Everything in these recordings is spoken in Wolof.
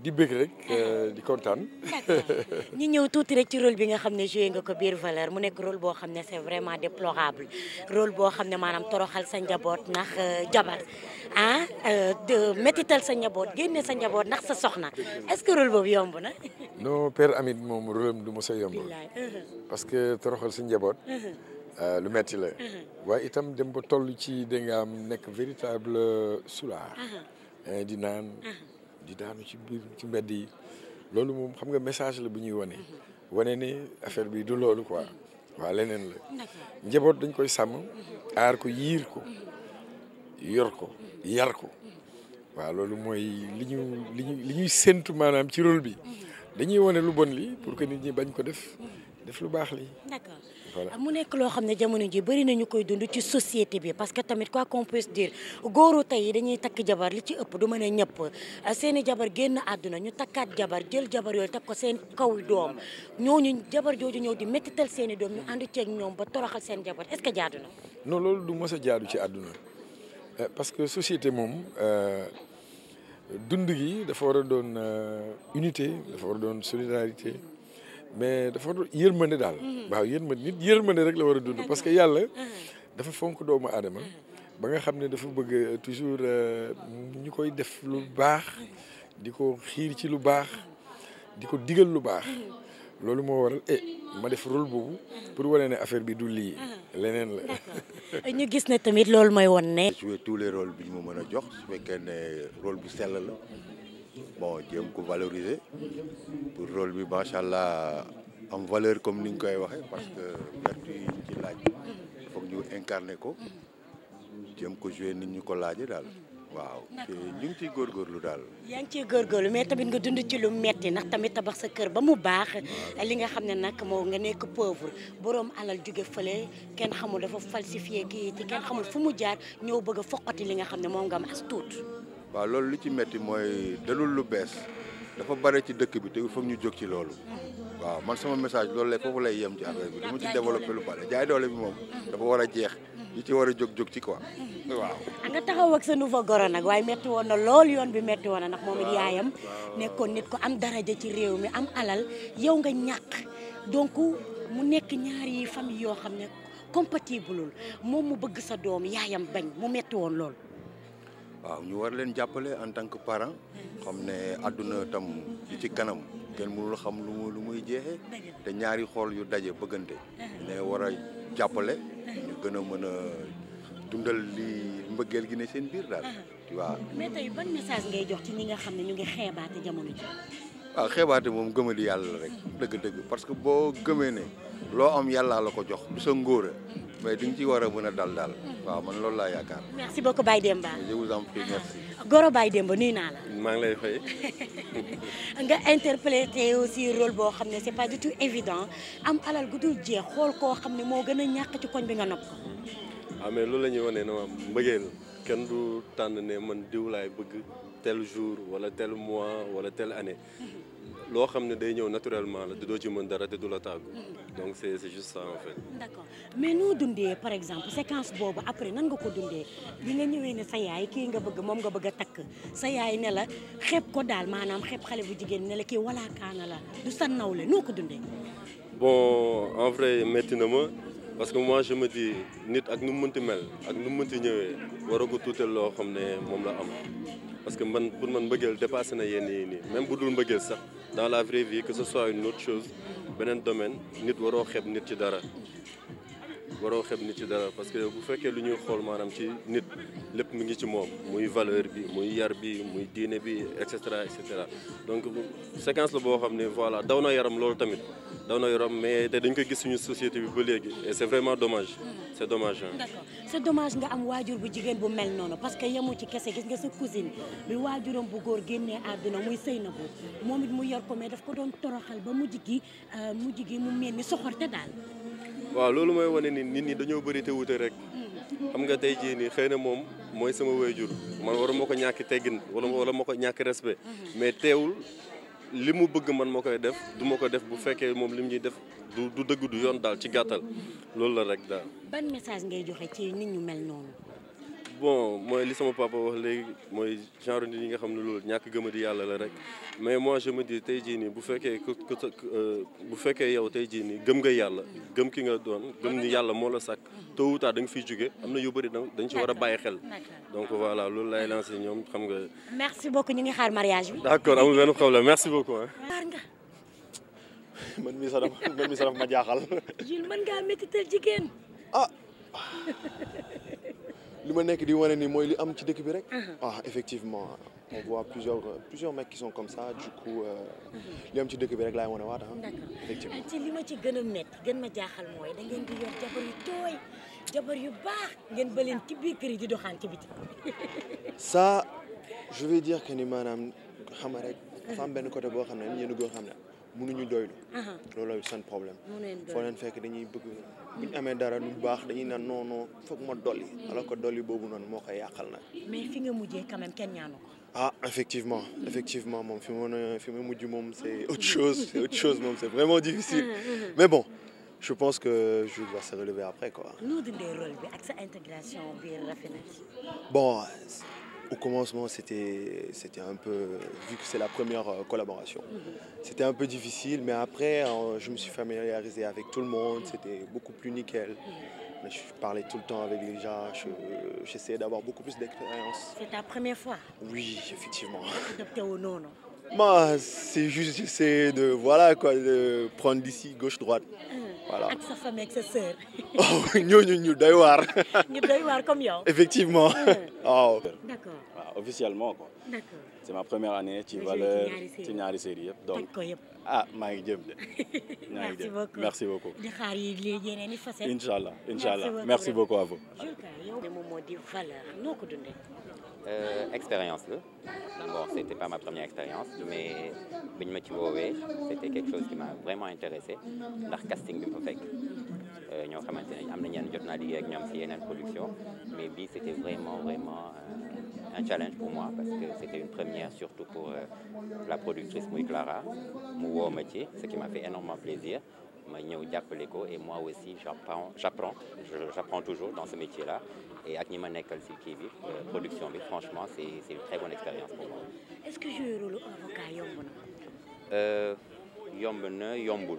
di bëgg rek ah. euh, di kontaan. ñu ñëw tuuti rek ci rôle bi nga xam ne joué nga ko biir valeur mu nekk rôle boo xam ne c'est vraiment déplorable rôle boo xam ne maanaam toroxal sa njaboot ndax euh, jabar ah euh, métital sa njaboot génne sa njaboot ndax sa soxna est-ce que rôle boobu yomb na. non père Amit moom rôle am du ma sa yomb. Uh-huh. parce que toroxal sa njaboot. Uh-huh. lu metti la. Uh-huh. waaye itam dem ba toll ci da nekk véritable soulard. Eh, di naan. di daanu ci biir ci mbedd yi loolu moom xam nga message la bu ñuy wane wane ni affaire bi du loolu ko waa leneen la njaboot dañ koy sàmm aar ko yiir ko yor ko yar ko waaw loolu mooy li ñu li ñu li ñuy séntu maanaam ci rôle bi mhm. dañuy wone lu bon li pour que nit ñi bañ ko def def lu baax li d'accord voilà mu nekk loo xam ne jamono ji bëri nañu koy dund ci société bi parce que tamit quoi qu'on puisse dire góoru tey yi dañuy takk jabar li ci ëpp du mën a ñëpp seeni jabar génn àdduna ñu takkaat jabar jël jabar yooyu teg ko seen kaw doom ñooñu jabar jooju ñëw di méttital seeni doom ñu ànd ceeg ñoom ba toroxal seen jabar est-ce que jaadu na non loolu du mës a jaadu ci àdduna euh, parce que société moom euh, dund gi dafa war a doon euh, unité dafa war a doon solidarité mais dafa yërmande daal. Mhm. waaw yërmande nit yërmande rek la war a dund. Mhm. parce que yàlla mhm. dafa fonk doomu aadama. ba nga xam ne dafa bëgg euh, toujours euh, ñu koy def lu baax. di ko xiir ci lu baax. di ko digal lu baax. loolu moo waral eh ma def rôle boobu pour wane ne affaire bi du lii leneen la. ñu gis ne tamit loolu mooy wan ne. jouer tous les rôles bi ñu ma mën a jox su fekkee ne rôle bu sell la. bon jéem ko valoriser pour role bi macha allah am valeur comme ni ñu koy waxee parce que vertu yi ñu ci laaj foog ñu incarner ko jëm ko jouer nit ñu ko laajee daal. waaw te ñu ngi ciy góorgóorlu daal. yaa ngi ciy góorgóorlu mais tamit nga dund ci lu metti ndax tamit tabax sa kër ba mu baax li nga xam ne nag moo nga nekk pauvre boroom alal jóge fële kenn xamul dafa falsifié kii te kenn xamul fu mu jaar ñëw bëgg foqati li nga xam ne moom nga am as waaw loolu lu ci métti mooy dalul lu bees dafa bare ci dëkk bi te foog ñu jóg ci loolu waaw man sama message loolu lay foofu lay yem ci affaire bi du ma ci lu bare jaay bi moom dafa war a jeex ñi ci war a jóg jóg ci quoi mm-hmm. waaw. nga taxaw ak sa nouveau goro nag waaye métti woon na lool yoon bi métti woon na ndax moom it yaayam nekkoon nit ko am daraja ci réew mi am alal yow nga ñàkk donc mu nekk ñaari yi famille yoo xam ne compatible lul moom mu bëgg sa doom yaayam bañ mu métti woon lool. waaw ñu war leen jàppale en tant que parent xam ne àdduna tam li ci kanam kenn mënul xam lu mu lu muy jeexee te ñaari xool yu daje bëggante ne wara jàppale ñu gën a mën a dundal li mbëggeel gi ne seen biir daal tu uh-huh. vois mais tey message ngay jox ci ñi nga xam ne ñu ngi xeebaate jamono ji waaw xeebaate moom gëmadi yàlla rek dëgg-dëgg parce que boo gëmee ne loo am yàllaa la ko jox du sa ngóora mais di nga war a mën a dal daal waaw man loolu laa yaakaar. si beaucoup Baye Demba. je vous en prie merci. Goro Baye Demba nuyu naa la. maa ngi lay fay. nga interprété aussi rôle boo xam ne c'est pas du tout évident am alal gu dul jeex xool koo xam ne moo gën a ñàkk ci koñ bi nga nopp ko. waaw ah, mais loolu la ñuy wane ne mbëggeel kenn du tànn ne man diw laay bëgg tel jour wala tel mois wala telle année loo xam ne day ñëw naturellement la du doo ci mën dara te du la tàggu donc c'est c'est juste ça en fait. mais noo dundee par exemple séquence boobu après nan nga ko dundee li nga ñëwee ne sa yaay kii nga bëgg moom nga bëgg a takk sa yaay ne la xeeb ko daal maanaam xeeb xale bu jigéen ne la kii walaakaana la du sa nawle noo ko dundee. bon en vrai na ma. parce que moi je me dis nit ak nu mu mënti mel ak nu mu mënti ñëwee war a ko tuutal loo xam ne moom la am parce que man pour man mbëggeel dépassé na yenn yi nii même bu dul mbëggeel sax dans la vraie vie que ce soit une autre chose beneen domaine nit waroo xeeb nit ci dara waroo xeb nit ci dara parce que bu fekkee lu ñuy xool maanaam ci nit lépp mu ngi ci moom muy valeur bi muy yar bi muy diine bi et cetera et donc séquence la boo xam ne voilà daw na yaram loolu tamit daw na yaram mais te dañ ko gis suñu société bi ba léegi et c'est vraiment dommage c'est domage hein. d'accord c'est nga am waajur bu jigéen bu mel noonu parce que yemu ci kese gis nga sa cousine bi waajuram bu góor génnee àdduna muy sëy na bu moom it mu yor ko mais daf ko doon toroxal ba mujj gi euh, mujj gi mu mel ni soxorte waaw loolu mooy wane ni nit ñi dañoo bëri te wute rek xam nga tey jii nii xëy na moom mooy sama waajur man war ma ko ñàkk teggin wala wala moo ko ñàkk respect mais teewul li mu bëgg man ma koy def du ma ko def bu fekkee moom li mu ñuy def du du dëgg du yoon daal ci gàttal loolu la rek daal. ban message ngay joxe ci nit ñu mel noonu. bon mooy li sama papa wax léegi mooy genre nit ñi nga xam ne loolu ñàkk gëm di yàlla la rek mais moo je me dis tey jii nii bu fekkee ku euh, bu fekkee yow tey jii nii gëm nga yàlla gëm ki nga doon gëm ni yàlla moo la sàkk tôt ou tard da fiy jóge am na yu bëri dañ ci war a bàyyi xel donc voilà loolu lay lancé ñoom xam nga. merci beaucoup ñu ngi xaar mariage bi. d'accord amul benn problème merci beaucoup. xaar nga. man mii sax man jigéen. Ah. li ma nekk di wane ni mooy li am ci dëkk bi rek. Mhm. ah effectivement on voit plusieurs euh, plusieurs mecs qui sont comme ça du coup euh, mhm. li am ci dëkk bi rek laay wane waat ah. effectivement ah, ci li ma ci gën a métti gën ma jaaxal mooy da di yor jabar yu tooy jabar yu baax ngeen ba leen ci biir kër yi di doxaan ci biti. ça je vais dire que ni maanaam xam rek. dafa am benn côté boo xam ne yéen a góor xam ne. mu mënuñu doylu loolooy seen problème foo leen fekk dañuy bëgg bu ñu amee dara lu baax dañuy naan non non foog ma dolli alors que dolli boobu noonu moo koy yàqal na mais fi nga mujjee quand même kenn ah effectivement moom fi ma fi ma mujj moom c'est autre chose c'est autre moom c'est vraiment difficile mais bon je pense que Jules va se relever après quoi. noo dundee rôle bi ak sa intégration bon. au commencement, c'était un peu, vu que c'est la première euh, collaboration, mhm. c'était un peu difficile, mais après, euh, je me suis familiarisé avec tout le monde, c'était beaucoup plus nickel. Mhm. Mais je parlais tout le temps avec les gens, j'essayais je, d'avoir beaucoup plus d'expérience. C'est ta première fois Oui, effectivement. Adopté ou non, non Moi, c'est juste, j'essaie de, voilà, quoi, de prendre d'ici gauche-droite. Mhm. voilà ak sa famille ak sa sœur. Oh, ñooñu ñu doy waar. ñu doy waar comme yow. effectivement waaw. officiellement quoi. d'accord ma première année ci valeur ci ñaari série yëpp donc ah maa ngi jëm de. maa ngi jëm merci beaucoup di xaar incha allah incha allah merci beaucoup à vous. Euh, expérience la bon c'était pas ma première expérience mais bi ñu ma ci woowee c'était quelque chose qui m'a vraiment intéressé ndax casting bi mu fa fekk euh, ñoo xamante ne am na ñenn jot naa liggéey ak ñoom si yeneen production mais bii c'était vraiment vraiment euh, un challenge pour moi parce que c'était une première surtout pour la productrice muy Clara mu woo ma ci ce qui m'a fait énormément plaisir ma ñëw jàppale ko et moi aussi j'apprends j'apprends j'apprends toujours dans ce métier là et ak ñi ma nekkal ci kii bi euh, production bi franchement c'est c'est une très bonne expérience pour moi. est-ce que jouer rôle avocat yomb na. Euh, yomb na yombul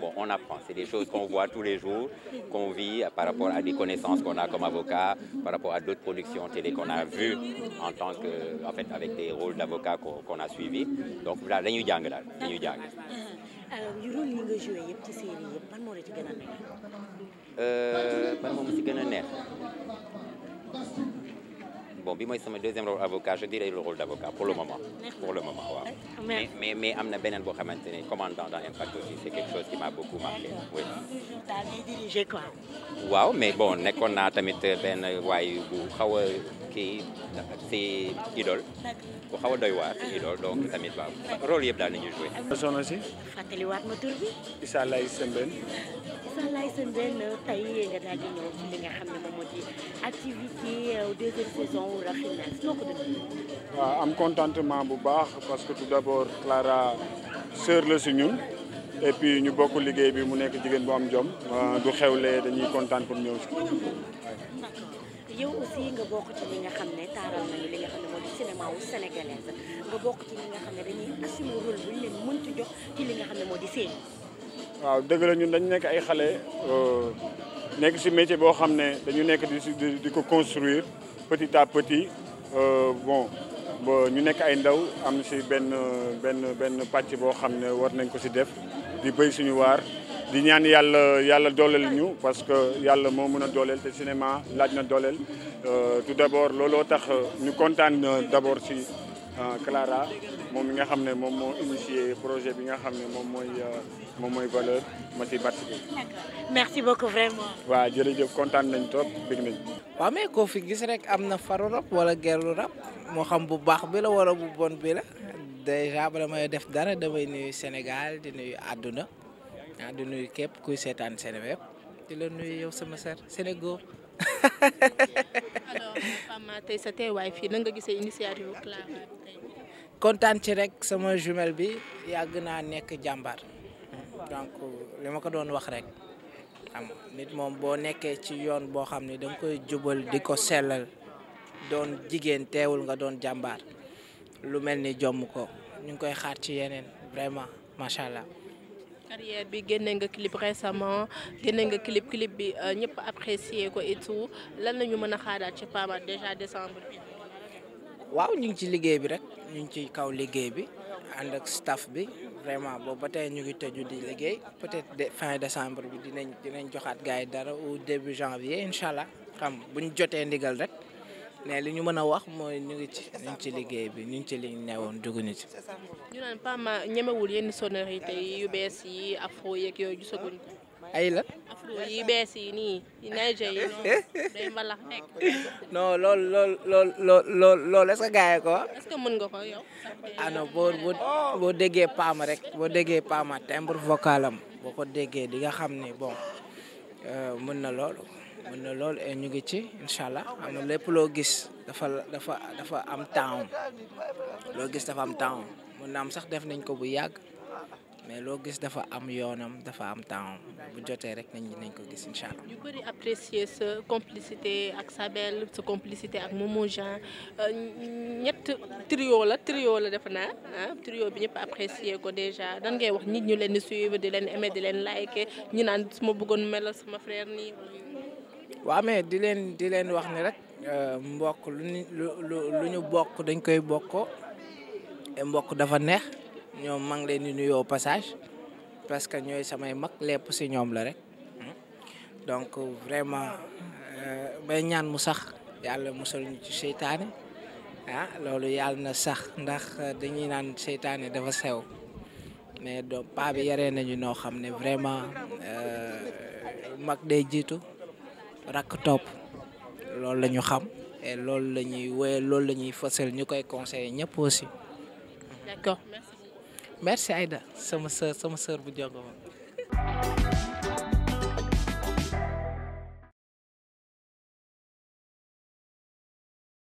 bon on apprend c'est des choses qu'on voit tous les jours qu'on vit par rapport à des connaissances qu'on a comme avocat par rapport à d'autres productions télé qu'on a vues en tant a suivis donc daal dañuy jàng daal dañuy ah, ah. alors rôle yi nga joué yëpp ci série yëpp ban moo la ci gën a neex. Euh, ban moo ci gën a neex. bon bi mooy sama deuxième rôle avocat je dirais le rôle d' pour le moment. mais mais am na beneen boo xamante ne commandant dans Impact aussi c' est quelque chose qui m'a beaucoup marqué. mais bon nekkoon naa tamit benn waay bu xaw a kii si idole. ou xaw a doy waar ah. idole donc tamit waaw rôle yëpp daal nañu joué. soxna si. fàttaliwaat ma tur bi. Issa sax laay seen benn tey nga daal di ñëw ci li nga xam ne moom moo di activité deuxième saison wu Raffinage noo ko defee. waaw am contentement bu baax parce que tout d'abord Clara sœur la si ñun et ñu bokk liggéey bi mu nekk jigéen bu am jom du xewle dañuy kontaan pour ñëw si. nga bokk ci li nga xam ne taaral nañu li nga xam ne moo di cinéma wu sénégalaise nga bokk ci li nga xam ne moo di série waaw dëgg la ñun dañu nekk ay xale euh, nekk si métier boo xam ne dañu nekk di di ko construire petit à petit euh, bon ba ñu nekk ay ndaw am si benn benn benn pàcc boo xam ne war nañ ko si def di béy suñu waar di ñaan yàlla yàlla dooleel ñu parce que yàlla moo mën a dooleel te cinéma laaj na dooleel euh, tout d'abord looloo tax ñu kontaan d'abord si Euh, Clara moom mi nga xam ne moom moo initié projet bi nga xam ne moom mooy euh, moom mooy valeur ma ci participé. merci beaucoup vraiment. kontaan nañ trop bëgg nañ. koo fi gis rek am na faru rab wala gerlu rab moo xam bu baax bi la wala bu bon bi la déjà bala may def dara damay nuyu Sénégal di nuyu àdduna ah di nuyu képp kuy seetaan Seneweb di la nuyu yow sama sœur Sénégal. alors sa teewaay fii nan gisee initiative ci rek sama jumelle bi yàgg naa nekk jàmbar donc li ko doon wax rek am nit moom boo nekkee ci yoon boo xam ne da koy jubal di ko sellal doon jigéen teewul nga doon jàmbar lu mel ni jomm ko ñu ngi koy xaar ci yeneen vraiment macha allah. carrière bi génnee nga clip récemment génne nga clip clip bi euh, ñëpp apprécier ko et tout lan la ñu mën a xaaraat ci Paama déjà décembre bi. waaw ñu ngi ci liggéey bi rek ñu ngi ci kaw liggéey bi ànd ak staff bi vraiment boobu ba tey ñu ngi tëju di liggéey peut-être fin décembre bi dinañ dinañ joxaat gars yi dara au début janvier incha allah xam buñ jotee ndigal rek. mais li ñu mën a wax mooy ñu ngi ci ñu ngi ci liggéey bi ñu ngi ci li newoon juguñu ci. ñu naan Pama ñemewul yenn sonorité yi yu bees yi afro yeeg yooyu gisaguñ ko. ay la. afro yi bees yi nii yi Niger yi noonu day lool lool lool lool lool est-ce ko mën nga ko yow. Ah boo boo déggee Pama rek boo déggee Pama timbre vocal boo ko déggee di nga xam ne bon euh, mën na loolu. mën na lool et ñu ngi ci incha allah am na lépp loo gis dafa dafa dafa am temps loo gis dafa am temps mën na am sax def nañ ko bu yàgg mais loo gis dafa am yoonam dafa am temps bu jotee rek nañ nañ ko gis incha allah. ñu bëri apprécier sa complicité ak Sabel sa complicité ak Momo Jean euh, ñett trio la trio la def naa ah trio bi ñëpp apprécier ko déjà dan ngay wax nit ñu leen di suivre di leen aimer di leen liker ñu naan su ma bëggoon melal sama frère nii. waaw mais di leen di leen wax ni rek euh, mbokk lu lu ñu bokk dañ koy bokkoo mbokk dafa neex ñoom maa leen di nuyoo passage parce que ñooy samay mag lépp si ñoom la rek donc vraiment euh, bay ñaan mu sax yàlla mu ñu ci seytaane ah, loolu yàlla na sax ndax dañuy naan seytaane dafa sew mais do paa yaree nañu noo xam ne vraiment euh, mag day jiitu rakk topp loolu la ñu xam et loolu la ñuy wéyal loolu la ñuy fësal ñu koy conseillé ñëpp aussi. merci. merci sama sœur sama sœur bu jongo ma